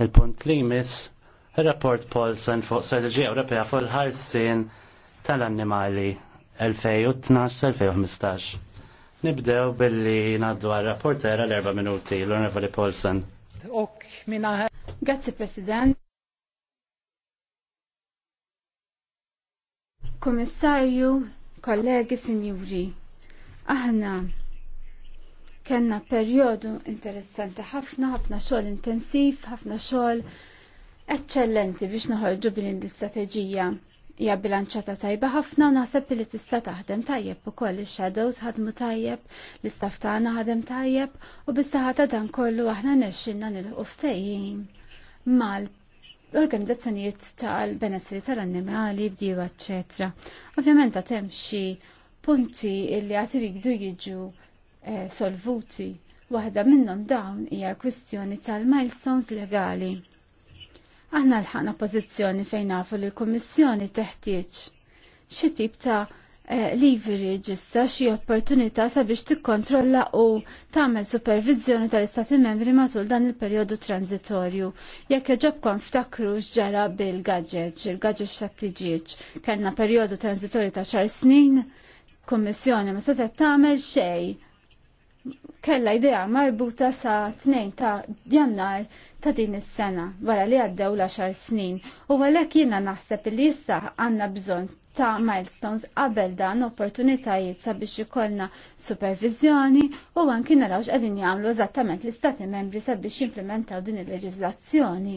Il-punt li jmiss il-rapport Polson fuq strategija Ewropea fuq il-ħarsin tal-annimali 2012-2015. Nibdew billi naddu għal era l-erba minuti, l-Onorevoli Paulson. Ok, minna. Grazie, President. Komissarju, kollegi, Signori, aħna Kenna perjodu interessanti ħafna, ħafna xogħol intensiv, ħafna xogħol eċċellenti biex noħorġu bil l-istrateġija hija bilanċata tajba ħafna u naħseb li tista' taħdem tajjeb ukoll ix-shadows ħadmu tajjeb, l-istaff tagħna ħadem tajjeb u bis-saħħa ta' dan kollu aħna nexxinna nilħu ftehim mal-organizzazzjonijiet tal-benessri tal-annimali, bdiewa, eċċetra. Ovvjament għatem xi punti illi għad jiġu Eh, solvuti. Waħda minnhom dawn hija kwistjoni tal-milestones legali. Aħna l-ħana pożizzjoni fejn nafu li l-Kummissjoni teħtieġ xi tip ta' eh, leverage issa xi opportunità sabiex tikkontrolla u tagħmel supervizjoni tal-Istati Membri matul dan il-perjodu transitorju. Jekk jaġobkom f'takrux ġara bil-gadget, il-gadget tat kellna perjodu transitorju ta' xar snin, Kommissjoni ma setgħet tagħmel xejn kella idea marbuta sa tnejn ta' jannar ta' din is-sena wara li għaddew l-10 snin u għalhekk jiena naħseb li issa għandna bżonn ta' milestones qabel dan opportunitajiet sabiex ikollna supervizjoni u anki narawx qegħdin jagħmlu eżattament l-istati membri sabiex jimplementaw din il-leġiżlazzjoni.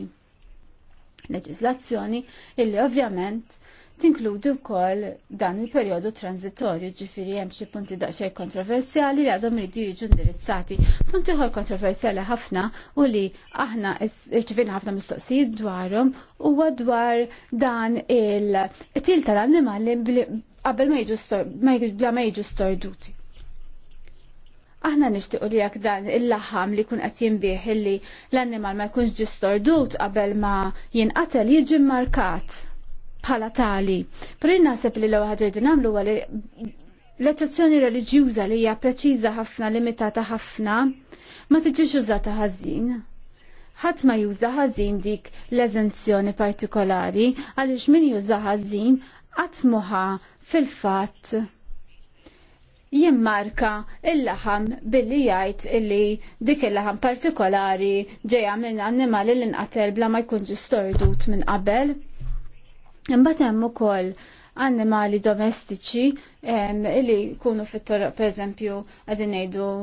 Leġiżlazzjoni illi ovvjament tinkludi wkoll dan il-perjodu tranzitorju ġifieri hemm xi punti daqsxejn kontroversjali li għadhom iridu jiġu indirizzati. Punti ieħor kontroversjali ħafna u li aħna irċivina ħafna mistoqsijiet dwarhom huwa dwar dan il-til tal-annimali qabel ma jiġu storduti. Aħna nixtiequ li jekk dan il-laħam li kun qed jinbih illi l-annimal ma jkunx ġistordut qabel ma jinqatel jiġi markat bħala tali. Pero naħseb li l-ewwel ħaġa namlu għal l-eċezzjoni reliġjuża li hija preċiża ħafna, limitata ħafna, ma tiġix użata ħażin. Ħadd ma juża ħażin dik l-eżenzjoni partikolari għaliex min juża ħażin qatt fil-fatt jimmarka il-laħam billi jgħid illi dik il-laħam partikolari ġejja minn annimali li nqatel bla ma jkunx stordut minn qabel. Imbagħad hemm ukoll annimali domestiċi li jkunu fit-toroq pereżempju qegħdin ngħidu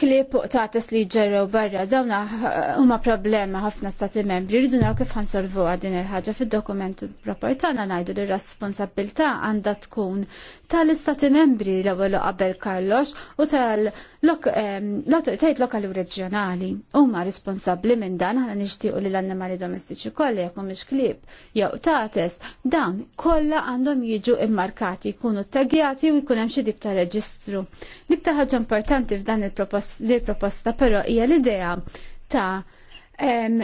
klip u tates li ġerrew barra, dawna uh, huma problema ħafna stati membri, rridu naraw kif ħansolvu din il-ħaġa fid-dokument rapportana ngħidu li r-responsabilità għandha tkun tal-istati membri l-ewwel qabel kollox u tal ehm, autoritajt lokali u reġjonali. Huma responsabbli minn dan ħana nixtiequ li l-annimali domestiċi kollha jekk mhumiex klieb jew tates, dawn kollha għandhom jiġu immarkati, jkunu ttaggjati u jkun hemm xi tip ta' reġistru. Dik ta' ħaġa importanti f'dan il-proposta Li proposta però hija l-idea ta' em,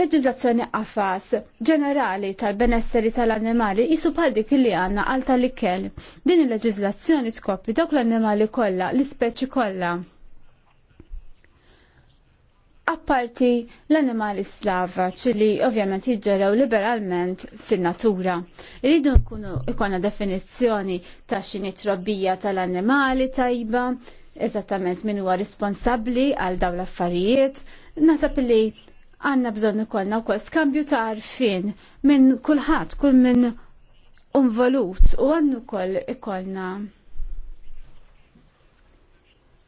leġizlazzjoni għafas ġenerali tal-benesseri tal-annimali jisu bħal dik li għanna għal tal-ikkel. Din il-leġizlazzjoni skopri dawk l-annimali kollha, l-ispeċi kollha. Apparti l-annimali slava, ċili ovvjament jġeraw liberalment fin-natura. Irridu nkunu ikona definizzjoni ta' xini trobbija tal-annimali tajba, eżattament min huwa responsabbli għal dawn l-affarijiet. Nasab li għanna bżonn ikollna wkoll skambju ta' arfien minn kulħadd, kull minn involut u għannu wkoll ikollna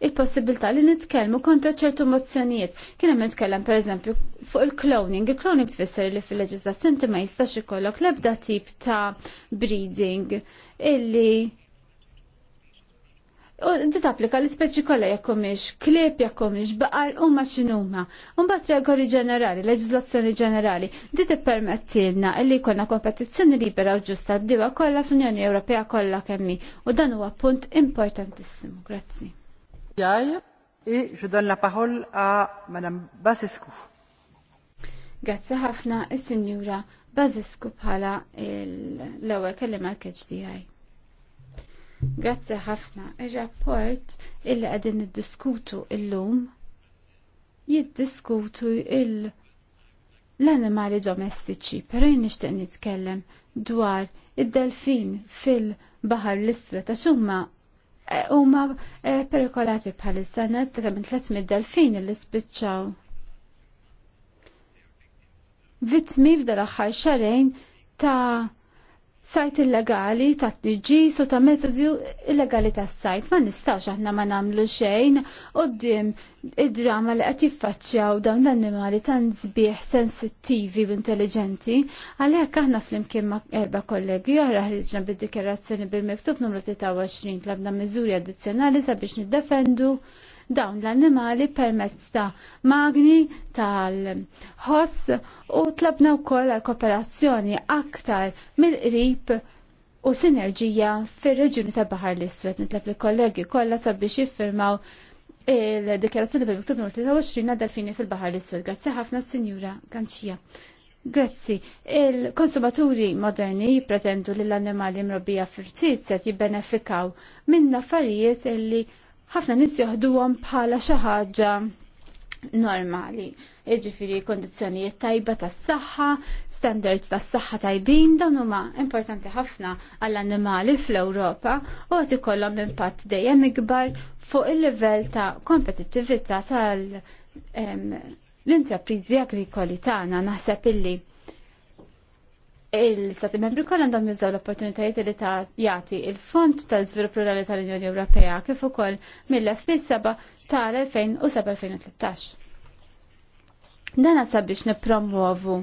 il-possibilità li nitkellmu kontra ċertu mozzjonijiet. Kien hemm nitkellem pereżempju fuq il-cloning. Il-cloning tfisser li fil-leġiżlazzjoni ma jistax ikollok l-ebda tip ta' breeding illi U inti tapplika l-ispeċi kollha jekk humiex klieb jekk humiex baqar huma x'inhuma. Mbagħad regoli ġenerali, leġislazzjoni ġenerali, di tippermettilna li jkollna kompetizzjoni libera u ġusta bdiewa kollha fl-Unjoni Ewropea kollha kemmi u dan huwa punt importantissimu. Grazzi. Jaj, i ġudan la paħol a Madam Basescu. Grazzi ħafna is-Sinjura Basescu bħala l-ewwel kelliema l-keġ tiegħi. Grazzi ħafna. Ir-rapport illi qegħdin niddiskutu illum jiddiskutu il l-animali domestiċi, però jien nixtieq nitkellem dwar id-delfin fil-Baħar l-Isra ta' xumma eh, huma eh, perikolati bħalissa ta' minn 300 delfin li spiċċaw. Vitmi f'dal aħħar xarejn ta' sajt illegali ta' tiġis u ta' metodi illegali ta' sajt. Ma nistax aħna ma namlu xejn u d-dim id-drama li qed jiffaċċjaw dawn l-annimali ta' zbieħ sensittivi u intelligenti. Għalhekk aħna flimkien ma' erba' kollegi oħra ħriġna bid-dikerazzjoni bil-miktub numru 23 tlabna miżuri addizzjonali sabiex niddefendu dawn l-annimali permezz ta' magni tal-ħoss u tlabna wkoll għal kooperazzjoni aktar mill-qrib u sinerġija fir-reġjuni ta' Baħar l-Iswed. Nitlab li kollegi kollha sabiex jiffirmaw il-dikjarazzjoni bil miktub numru 23 għad-delfini fil-Baħar l-Iswed. Grazzi ħafna, Sinjura Kanċija. Grazzi. Il-konsumaturi moderni jipretendu li l-annimali mrobija fil se jibbenefikaw minn affarijiet illi ħafna nis joħduhom bħala xi ħaġa normali. Iġifiri kondizjonijiet tajba tas saħħa standards tas saħħa tajbin, dawn huma importanti ħafna għall-annimali fl-Ewropa u qed ikollhom impatt dejjem ikbar fuq il-livell ta' kompetittività tal l-intraprizi agrikoli tagħna naħseb illi il-Stati membri kollha għandhom jużaw l-opportunitajiet li ta' jagħti il-Fond tal-Żvilupp Rurali tal-Unjoni Ewropea kif ukoll mill-FP7 tal-2007-2013. Dan biex nipromuovu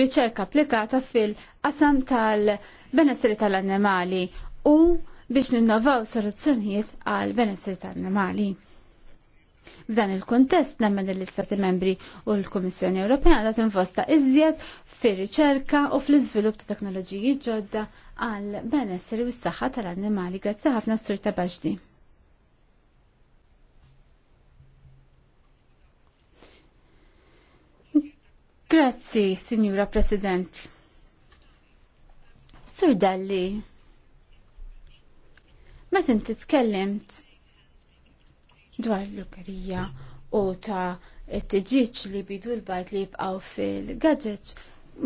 riċerka applikata fil-qasam tal-benessri tal-annimali u biex ninnovaw soluzzjonijiet għal benessri tal-annimali. F'dan il-kontest nemmen l-Istati membri u l-Kummissjoni Ewropea għadha tinfosta iżjed fir-riċerka u fl-iżvilupp ta' teknoloġiji ġodda għal benessri u s-saħħa tal-annimali. Grazzi ħafna s-sur ta' Baxdi. Grazzi, Signora President. Sur Dalli, meta inti tkellimt dwar l-lukerija u ta' t ġiċ li bidu l-bajt li jibqaw fil-gadget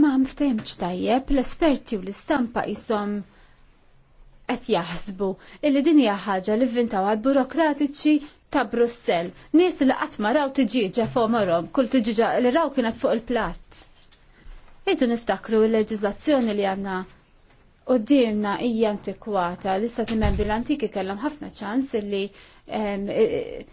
ma' mftemċ tajjeb l-esperti u l-istampa jisom qed jaħsbu illi din hija ħaġa li vvintaw għad burokratiċi ta' Brussell. Nies li qatt ma raw tiġiġa fuq morhom, kull tiġiġa li raw kienet fuq il-platt. Idu niftakru l-leġiżlazzjoni li għandna dimna hija antikwata l-istati membri l-antiki kellhom ħafna ċans li 13 e,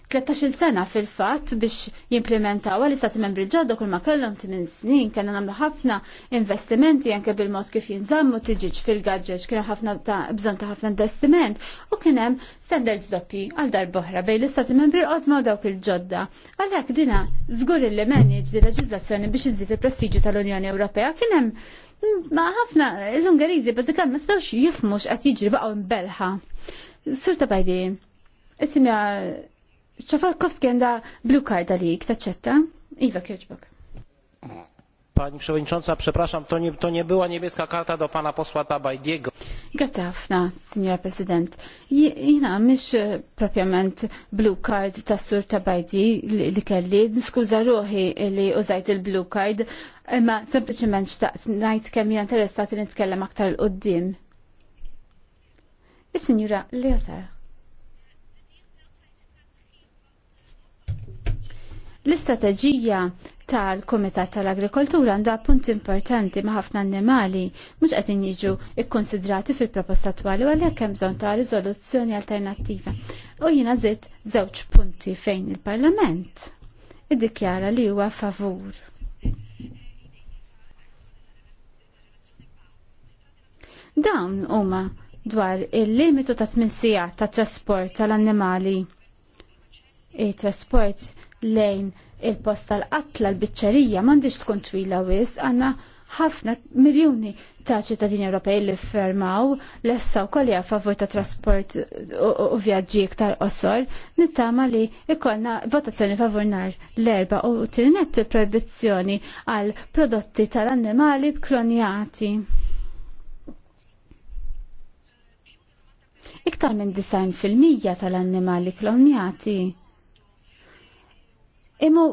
e, sena fil-fat biex jimplementaw għal-istati membri ġodda kull ma kellhom 8 snin kellna nagħmlu ħafna investimenti anke bil-mod kif jinżammu tiġiġ fil-gadġeġ kien ħafna bżonn ta' ħafna investiment u kien hemm standards doppi għal darb'oħra bejn l-istati membri qodma u dawk il-ġodda. Għalhekk dina żgur il manage di leġiżlazzjoni biex iżid il-prestiġju tal-Unjoni Ewropea kien hemm mm, ma ħafna l ungarizi bazzikan ma stawx jifmux qed jiġri baqgħu mbelħa. Surta ta' Is-sinja Czafalkowski da blue card għalik, taċċetta? Iva kieġbok. Pani Przewodnicząca, przepraszam, to nie, to nie była niebieska karta do pana posła Tabajdiego. Gatafna, Signora Prezydent. Jina, mish e, propjament blue card ta' sur Tabajdi li kelli, diskuza ruħi li użajt il-blue card, imma sempliciment xtaqt najt kemm jina interessati nitkellem aktar l-qoddim. Is-signora Leotar. L-istrateġija tal-Komitat tal-Agrikoltura għandha punt importanti ma' ħafna annimali mhux qed jiġu ikkonsidrati fil-proposta attwali u għalhekk hemm bżonn ta' riżoluzzjoni alternattiva. U jiena żidt żewġ punti fejn il-Parlament iddikjara li huwa favur. Dawn huma dwar il-limitu ta' 8 sigħat ta' trasport tal-annimali. it trasport lejn il-post tal-qatla l-biċċerija m'għandix tkun twila wis għandna ħafna miljuni ta' ċittadini Ewropej li fermaw lessa wkoll hija favur ta' trasport u vjaġġi iktar qosor, nittama li ikollna votazzjoni favur nar l-erba u tirinet proibizzjoni għal prodotti tal-annimali klonjati. Iktar minn 90% tal-annimali klonjati imu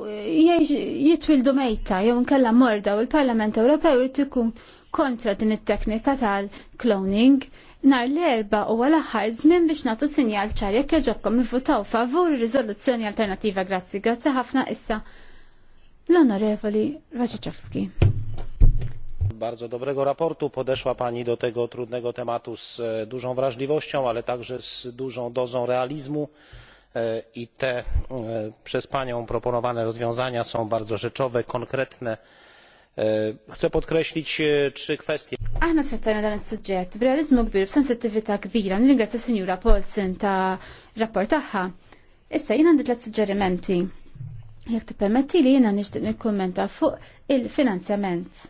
jitwildu mejta jew nkella morda u l-Parlament Ewropew irid ikun kontra din it-teknika tal-cloning nar l-erba u għal-axar zmin biex natu sinjal ċar jekk jaġobkom votaw favur riżoluzzjoni alternativa grazzi grazzi ħafna issa l-onorevoli Waciczewski. Bardzo dobrego raportu podeszła Pani do tego trudnego tematu z e, dużą wrażliwością, ale także z dużą dozą realizmu. E, i te e, przez panią proponowane rozwiązania są bardzo rzeczowe konkretne. E, chcę podkreślić trzy kwestie. Aħna trattajna dan is-suġġett b'realiżmu kbir b'sensittività kbira. Nirringrazzja Sinjura Paulsen ta' rapport tagħha. Issa jiena għandi tliet suġġerimenti. Jekk tippermetti li jiena nixtieq nikkummenta fuq il-finanzjament.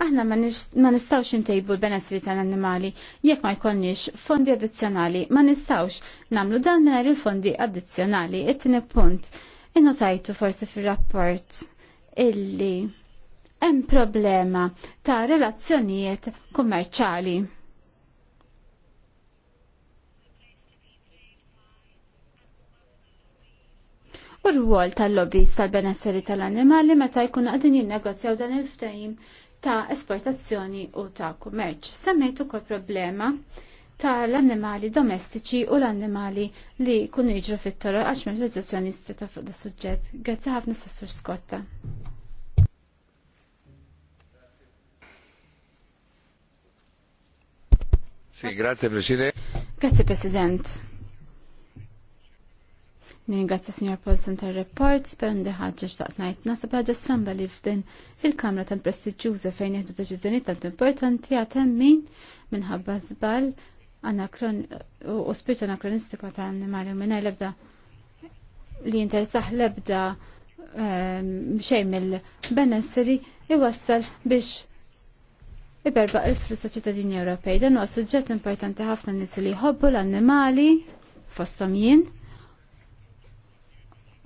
Aħna ma nistawx intejbu l-benessri tal-annimali jekk ma jkollniex fondi addizzjonali, ma nistawx namlu dan mingħajr il-fondi addizzjonali. It-tieni punt innotajtu forsi fir-rapport illi hemm problema ta' relazzjonijiet kummerċali. u r-rwol tal-lobbies tal-benesseri tal-animali meta jkunu għadin jinnegozjaw dan il-ftajim ta' esportazzjoni u ta' kummerċ. Semmejt ukoll problema ta' l-annimali domestiċi u l-annimali li kunu iġru fit-toro għax l reġazzjoni stata fuq da' suġġett. Grazzi ħafna Sassur Skotta. Sì, grazie Presidente. Grazie Presidente. Nirringrazzja Signor Paulson tar report per li ħaġa xtaqt ngħid nasab ħaġa stramba li f'din il-kamra tan prestiġjuża fejn jieħdu deċiżjonijiet tant importanti għad min minħabba żball anakron u spiċ anakronistiku ta' annimali minn l-ebda li jinteressaħ l-ebda ehm, xejn mill-benesseri iwassal biex iberbaq il-flus ta' ċittadini Ewropej. Dan huwa suġġett importanti ħafna nies li jħobbu l-annimali fosthom jien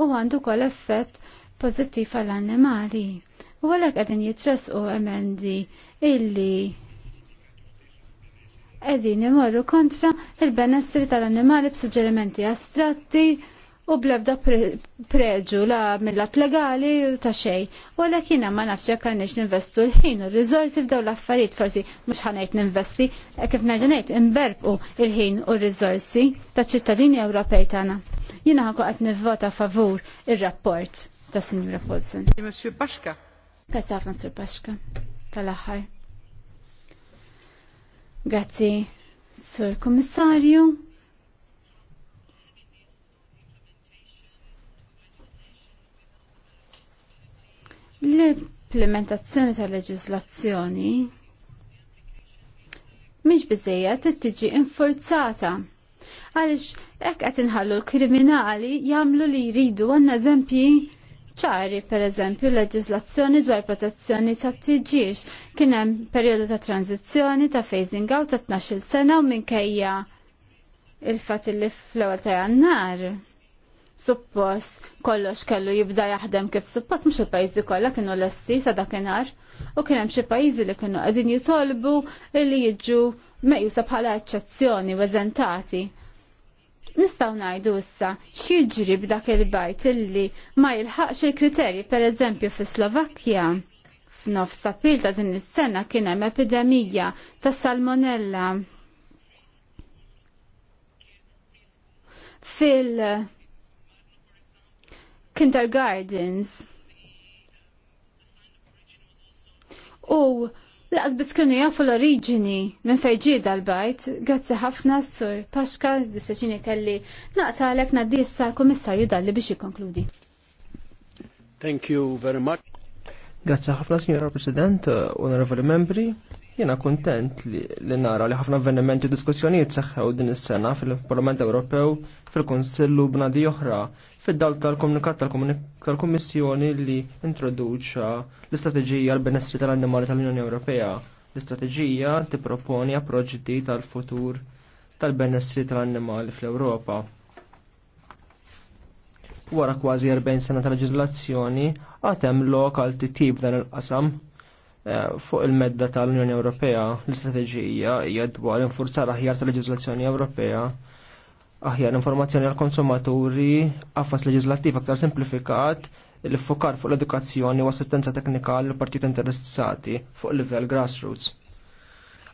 u għandu kol effett pozittiv għall-annimali. U għalek għedin jitresqu emendi illi għedin imorru kontra il-benessri tal-annimali b'suġġerimenti astratti u blebda preġu la millat legali u ta' xej. U għalek jina ma nafx jekk għandix ninvestu l-ħin u r-rizorsi f'daw l-affarijiet forsi mhux ħanajt ninvesti e kif ngħid ngħid l ħin u r-rizorsi taċ-ċittadini Ewropej tagħna. Jina ħanku għat nivvota favur il-rapport ta' Signora Folsen. Monsieur Paxka. Grazie Monsieur Sur Paxka tal-aħħar. Grazzi Sur Kommissarju. L-implementazzjoni tal-leġislazzjoni mhix biżejjed tiġi infurzata għaliex hekk qed inħallu l-kriminali jagħmlu li jridu għandna eżempji ċari per eżempju leġizlazzjoni dwar protezzjoni ta' tiġix kien hemm perjodu ta' tranzizzjoni ta' phasing out ta' 12 sena u minkejja il-fatt li fl-ewwel ta' jannar suppost kollox kellu jibda jaħdem kif suppost mhux il-pajjiżi kollha kienu lesti sa dakinhar u kien hemm xi pajjiżi li kienu qegħdin jitolbu li jiġu meqjusa bħala eċċezzjoni u eżentati. Nistaw najdu issa xieġri b'dak il-bajt illi ma jilħaqx il-kriterji per eżempju fi Slovakkja. F'nofs april ta' din is-sena kien hemm epidemija ta' salmonella fil kindergartens u Laqas biskunu jafu l-oriġini minn fejġi dal-bajt, grazzi ħafna s-sur Paxka, s-disfeċini kelli naqta għalek naddissa komissarju dalli biex jikonkludi. Thank you very much. Grazzi ħafna, Signora President, onorevoli membri, Jena kontent li, li nara li ħafna avvenimenti u diskussjonijiet seħħew din is-sena fil-Parlament Ewropew, fil-Konsillu b'nadi oħra, fid-dawl tal-komunikat tal-Kummissjoni li introduċa l-istrateġija l-benessri tal-annimali tal-Unjoni Ewropea. L-istrateġija tipproponi approġġi tal-futur tal-benessri tal-annimali fl-Ewropa. Wara kważi 40 sena tal-leġiżlazzjoni, għatem lokal titib dan il-qasam Eh, fuq il-medda tal-Unjoni Ewropea l-istrateġija hija dwar infurzar aħjar tal-leġiżlazzjoni Ewropea aħjar informazzjoni għal konsumaturi, affas leġislattiv aktar simplifikat, l-fokar fuq l-edukazzjoni u assistenza teknika l partit interessati fuq livell grassroots.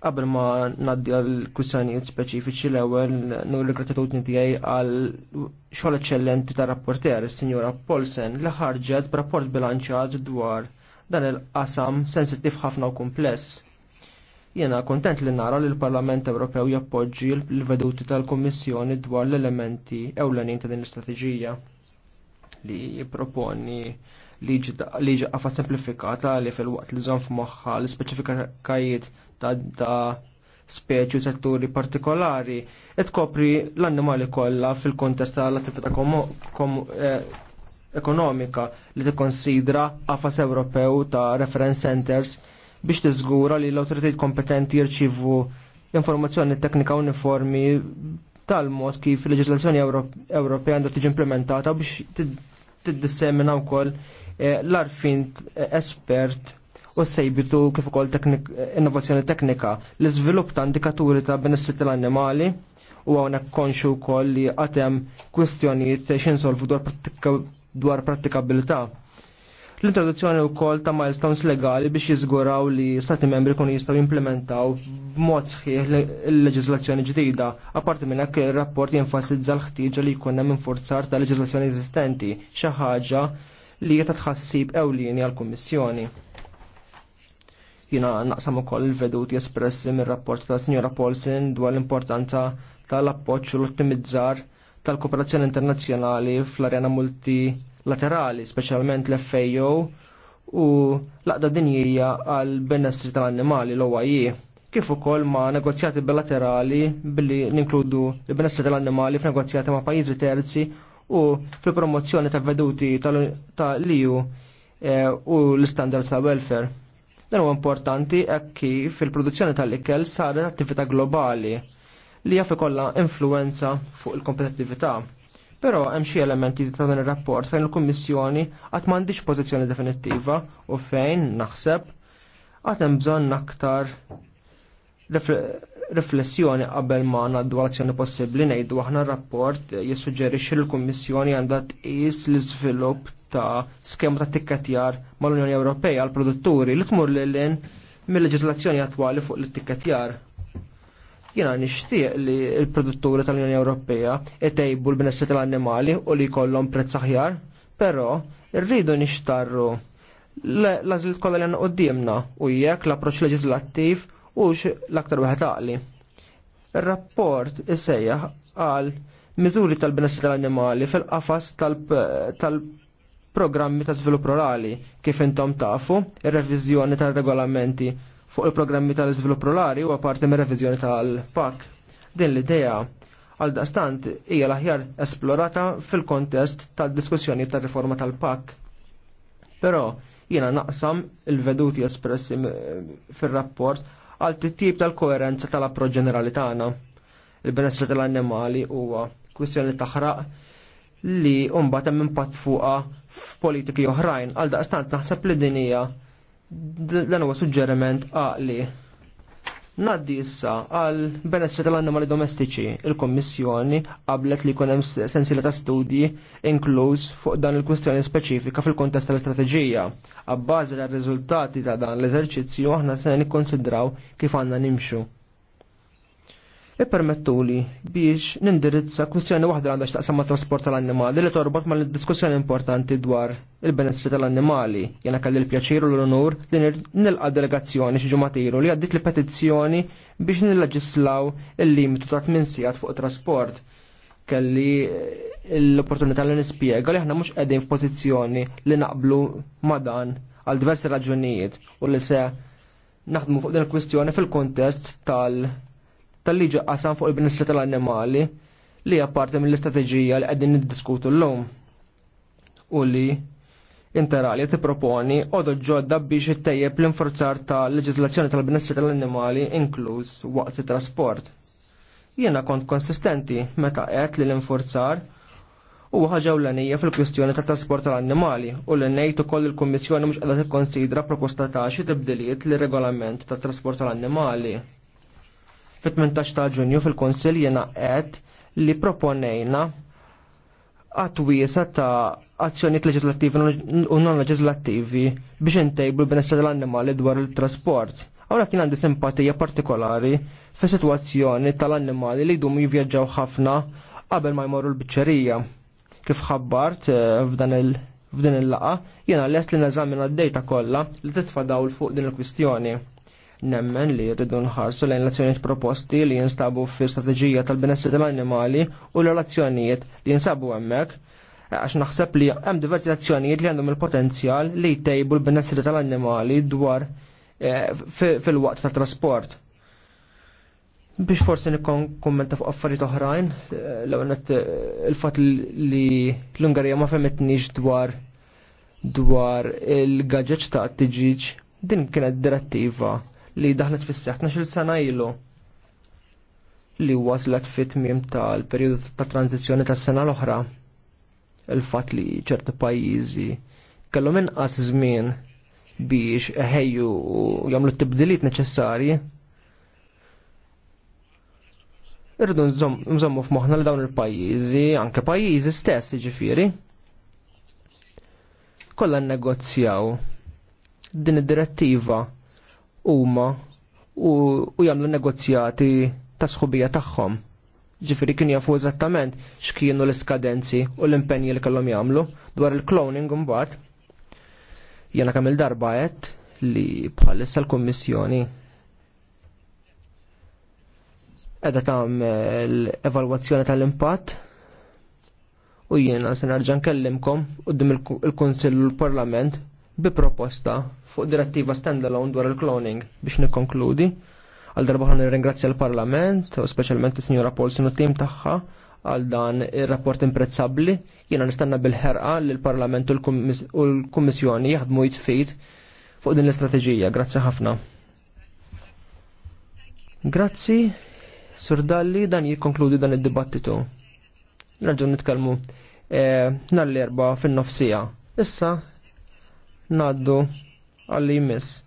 Qabel ma naddi għal kwistjonijiet speċifiċi l-ewwel nur l-gratitudni tiegħi għal xogħol eċċellenti ta' rapporter, is sinjura Polsen, li ħarġet b'rapport bilanċat dwar dan il-qasam sensittiv ħafna u kumpless. Jena kontent li nara li l-Parlament Ewropew jappoġġi l-veduti tal-Kommissjoni dwar l-elementi ewlenin ta' din l-istrateġija li jipproponi liġi għafa semplifikata li fil-waqt li zonf moħħa l-speċifikajiet ta' speċi u setturi partikolari et kopri l-annimali kollha fil-kontest tal-attività eh, ekonomika li tikkonsidra qafas Ewropew ta' reference centers biex tiżgura li l-awtoritajiet kompetenti jirċivu informazzjoni teknika uniformi tal-mod kif il-leġislazzjoni Ewropea għandha tiġi implementata biex tiddissemina wkoll eh, l-arfin eh, espert u sejbitu kif ukoll eh, innovazzjoni teknika l-iżvilupp ta' indikaturi ta' benessri tal-annimali u għawnek konxu wkoll li għatem kwistjonijiet xinsolvu dwar dwar pratikabilità. L-introduzzjoni wkoll ta' milestones legali biex jiżguraw li stati membri kun jistgħu jimplementaw b'mod sħiħ l leġizlazzjoni ġdida. Apparti minn hekk ir-rapport jenfasizza l-ħtieġa li jkun hemm infurzar ta' leġiżlazzjoni eżistenti, xi ħaġa li jeta tħassib ewlieni għall-Kummissjoni jina naqsam u koll il-veduti espressi mir rapport ta' Signora Paulsen dwar l-importanza tal-appoċ u l-ottimizzar tal-kooperazzjoni internazzjonali fl-arena multilaterali, speċjalment l-FAO u laqda dinjija għal benestri tal-annimali l oai kif ukoll ma' negozjati bilaterali billi ninkludu l-benessri tal-annimali f'negozjati ma' pajjiżi terzi u fil-promozzjoni ta' veduti tal-EU eh, u l-standards ta' welfare. Dan huwa importanti hekk kif il-produzzjoni tal-ikel saret attività globali li jaf ikollha influenza fuq il-kompetittività. Però hemm xi elementi ta' dan ir-rapport fejn il-Kummissjoni qatt m'għandix pożizzjoni definittiva u fejn naħseb qatt hemm bżonn aktar riflessjoni qabel ma ngħaddu azzjoni possibbli ngħidu aħna r-rapport jissuġġerixxi li l-Kummissjoni għandha tqis l-iżvilupp ta' skema ta' tikketjar mal-Unjoni Ewropea għall produtturi li tmur lil mill-leġiżlazzjoni attwali fuq l tikketjar jina nixtieq li l-produtturi tal-Unjoni Ewropea jtejbu l-benessi tal-annimali u li jkollhom prezz aħjar, però rridu nixtarru l azil kollha li għandna qudiemna u jekk l-approċċ leġislattiv hux l-aktar wieħed għaqli. Ir-rapport isejjaħ għal miżuri tal-benessi tal-annimali fil-qafas tal-programmi ta' żvilupp rurali kif intom tafu, ir-reviżjoni tal-regolamenti fuq il-programmi tal-iżvilupp rurali huwa parti mir reviżjoni tal-PAK. Din l-idea għal daqstant hija l-aħjar esplorata fil-kontest tad-diskussjoni tar-riforma tal-PAK. Però jiena naqsam il-veduti espressi fir-rapport għal tittib tal-koerenza tal-approċ ġenerali tagħna. Il-benessri tal-annimali huwa kwistjoni taħraq li mbagħad hemm impatt fuqha f'politiki oħrajn għal daqstant naħseb li din hija dan huwa suġġeriment għaqli. Naddi issa għal benessri tal-annimali domestiċi, il-Kommissjoni qablet li jkun hemm sensila ta' studji inkluż fuq dan il-kwistjoni speċifika fil-kontest tal-istrateġija. Abbażi tal riżultati ta' dan l-eżerċizzju aħna se nikkonsidraw kif għandna nimxu. Ippermettuli biex nindirizza kwistjoni waħda għandha x'taqsam ma' trasport tal-annimali li torbot ma' diskussjoni importanti dwar il-benessri tal-annimali. Jena kelli l-pjaċir u l-onur li nilqa delegazzjoni xi ġumatiru li għaddit l-petizzjoni biex nilleġislaw il-limitu ta' tmien sigħat fuq trasport. Kelli eh, l-opportunità li nispjega li aħna mhux qegħdin f'pożizzjoni li naqblu ma' dan għal diversi raġunijiet u li se naħdmu fuq din il-kwistjoni fil-kontest tal- tal-liġi qasam fuq il-benessri tal-annimali li hija parti mill-istrateġija li qegħdin niddiskutu llum u li interali tipproponi għodu ġodda biex it-tejjeb l-inforzar ta' leġizlazzjoni tal-benessri tal-annimali inkluż waqt it-trasport. Jiena kont konsistenti meta qed li l-inforzar u ħaġa għanija fil-kwistjoni tat trasport tal-annimali u li ngħid ukoll il-Kummissjoni mhux qiegħda tikkonsidra proposta ta' xi tibdiliet lir regolament tat trasport tal-annimali Fit-18 ta' ġunju fil-Konsil jena qed li proponejna għatwiesa ta' azzjoniet leġislattivi u non leġislattivi biex intejbu l benessa tal-annimali dwar il-trasport. Għawna kien għandi simpatija partikolari fi situazzjoni tal-annimali li jdum jivjaġġaw ħafna qabel ma jmorru l-biċċerija. Kif ħabbart eh, f'dan il- laqa jena l-est li neżamina d-dejta kollha li titfa dawl fuq din il-kwistjoni. Nemmen li rridu nħarsu lejn l-azzjonijiet proposti li jinstabu fi strateġija tal benessi tal-annimali u l-relazzjonijiet li jinsabu hemmhekk għax naħseb li hemm diversi azzjonijiet li għandhom il-potenzjal li jtejbu l benessi tal-annimali dwar eh, fil-waqt tat-trasport. Biex forsi nikon kommenta fuq affarijiet oħrajn, eh, l eh, il-fat li l-Ungarija ma femmetniġ dwar dwar il-gadget ta' t-tġiġ, din kienet direttiva li daħlet fis-seħħ 12 sena ilu li waslet fit-tmiem tal periodu ta' tranzizjoni tas-sena l-oħra. Il-fatt li ċerti pajjiżi kellhom inqas żmien biex eħejju jagħmlu t-tibdiliet neċessarji. Irridu nżommu f'moħħna li dawn il-pajjiżi, anke pajjiżi stess jiġifieri, kollha nnegozjaw din id-direttiva huma u, u jagħmlu negozjati ta' sħubija tagħhom. Ġifieri kien jafu eżattament x'kienu l-iskadenzi u l-impenji li kellhom jagħmlu dwar il-cloning imbagħad. Jena kemm il-darba qed li bħalissa l-Kummissjoni edha tagħmel evalwazzjoni tal-impatt u jiena se nerġa' nkellimkom qudiem il-Kunsill u l-Parlament bi proposta fuq direttiva standalone dwar il-cloning biex nikkonkludi. Għal darba ħan ringrazzja l-Parlament, u specialment il-Sinjora Polsin u tim tagħha għal dan ir-rapport imprezzabli. Jiena nistanna bil-ħerqa li l-Parlament u l-Kummissjoni jaħdmu jitfid fuq din l-istrateġija. Grazzi ħafna. Grazzi, Sur Dalli, dan jikkonkludi dan id-dibattitu. Raġun nitkellmu eh, nhar erba fin-nofsija. Issa naddu għall jmiss.